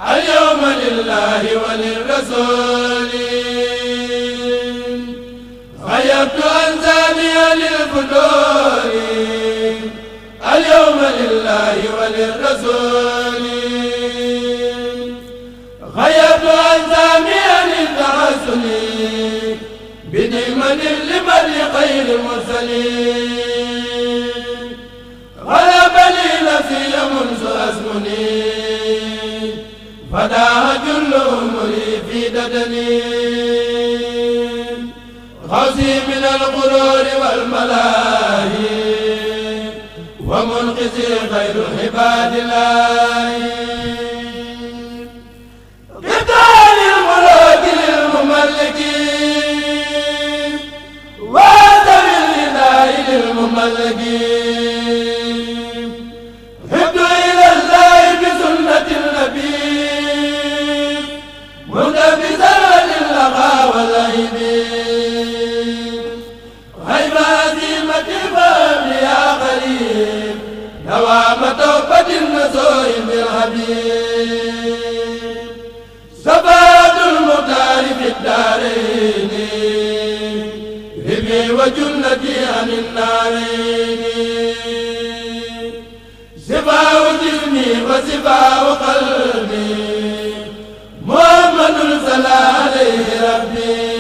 اليوم لله وللرسول غيبت أنزامي للفتور اليوم لله وللرسول غيبت أنزامي للتحسن بدمن لمن غير مرسل غلبني نفسي منذ أزمني فداها جل أمري في ددني غزي من الغرور والملاهي ومنقذي غير عباد الله قتال الملوك للمملكين وادم الإله للمملكين مقام توبة النزول بالحبيب زباد المختار في الدارين ربي وجنتي عن النارين زباء جسمي وزباء قلبي محمد صلى عليه ربي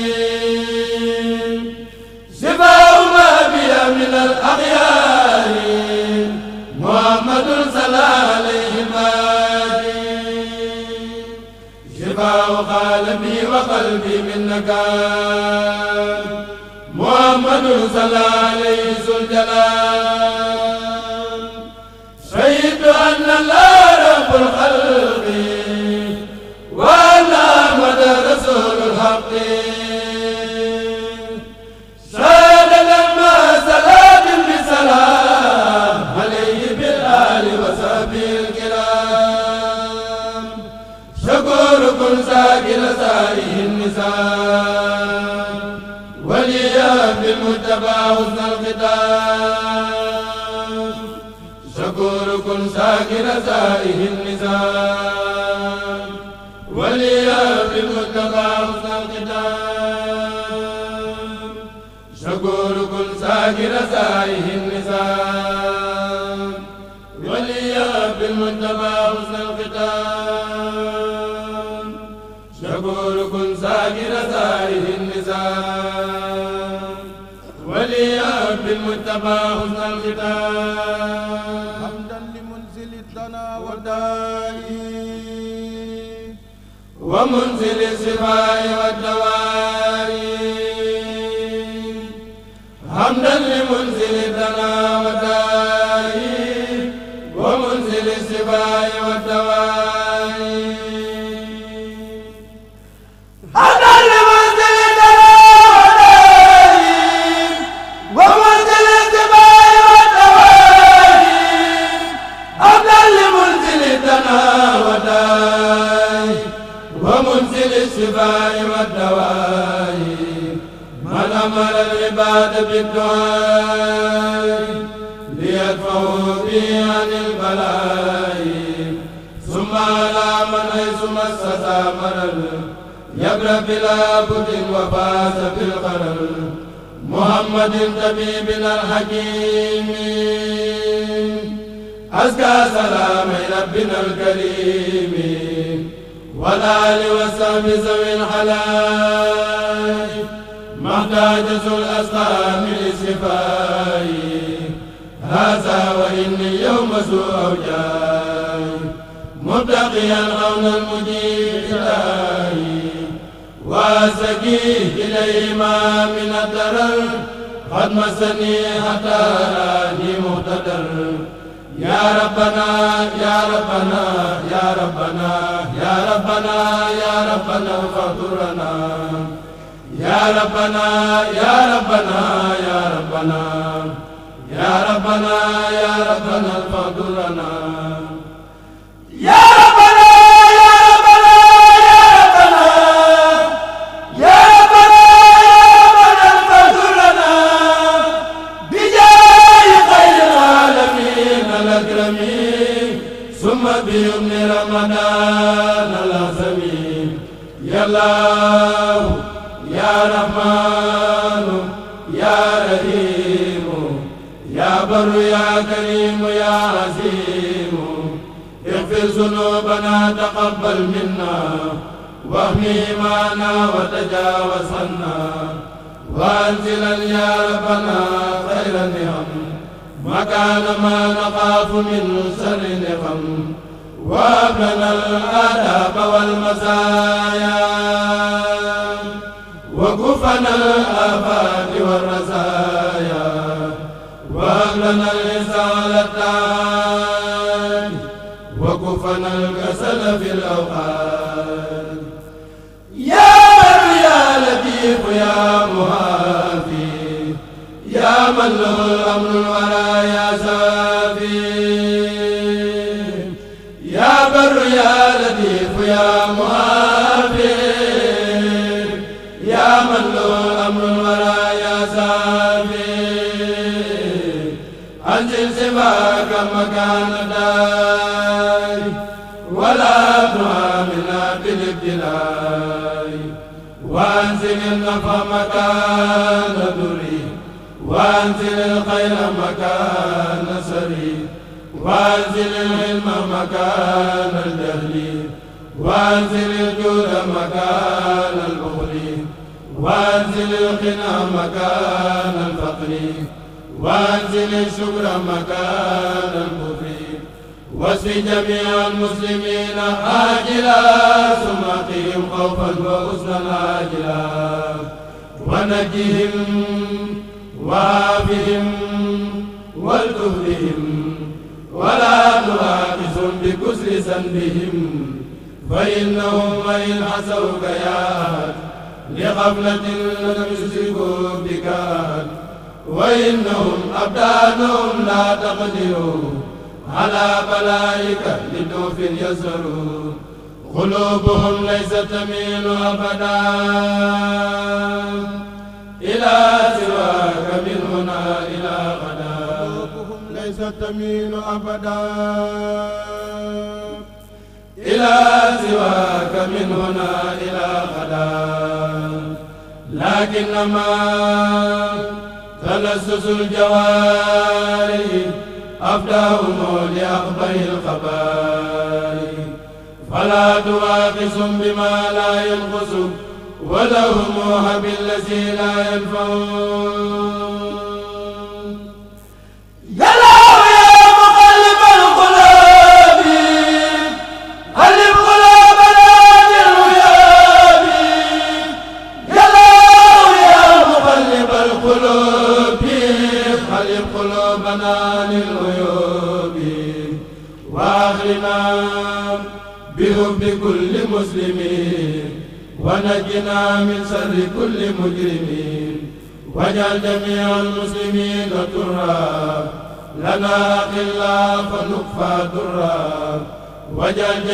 قلبي من نكال محمد صلى عليه ذو الجلال شهدت أن الله رب الخلق الحسان وليا بالمتبى حسن الختام شكور كن ساكن سائه النسان وليا بالمتبى حسن الختام شكور كن ساكن سائه النسان أبا حسن الختام حمدا لمنزل لنا ودائي ومنزل الصفاء والدواء بالدعاء ليدفعوا بي عن البلاء ثم على من حيث ما استثامر يبرا بلا بد وفاز بالقرر محمد طبيبنا الحكيم أزكى سلام ربنا الكريم والآل وصحب ذوي الحلال محتاج الأسلام الأسقام هذا وإني يوم سوء أوجاي مبتقيا عون المجيب إلهي وأزكيه إليه ما من الدرر قد مسني حتى راني مهتدر يا ربنا يا ربنا يا ربنا يا ربنا يا ربنا فاغفر لنا ya rabbana ya rabbana ya rabbana ya rabbana ya rabbana fadlana الرحيم يا عزيم اغفر ذنوبنا تقبل منا واهم إيمانا وتجاوز عنا وأنزلا يا ربنا خير النعم مكان ما نخاف من شر نقم وأبلنا الآداب والمزايا وكفنا الآفات والرزايا لنا الرسالتان وكفنا الكسل في الأوقات يا يا لطيف يا مهافي يا من له الأمر ولا زهر كما ولا تؤمنا بالابتلاء وانزل النفع مكان دري وانزل الخير مكان سري وانزل العلم مكان الجهل وانزل الجود مكان البخل وانزل الغنى مكان الفقر وانزل الشكر مكانا مفيد واسق جميع المسلمين آجلا ثم اعطهم خوفا وحزنا عاجلا ونجهم وعافهم والكفرهم ولا تعاكسهم بكسر سنبهم فإنهم وإن حسوك يا لقبلة لم يشركوا بك وإنهم أبدانهم لا تقدروا على بلائك لدوف يزروا قلوبهم ليست تميل أبدا إلى سواك من هنا إلى غدا قلوبهم ليست تميل أبدا إلى سواك من هنا إلى غدا لكنما تلسس الجواري أفداهم لأخبر الخبائي فلا تواقسهم بما لا ينقص ولهم هب الذي لا ينفعون المسلمين ونجنا من شر كل مجرمين واجعل جميع المسلمين ترى لنا أخلا فنكفى درا واجعل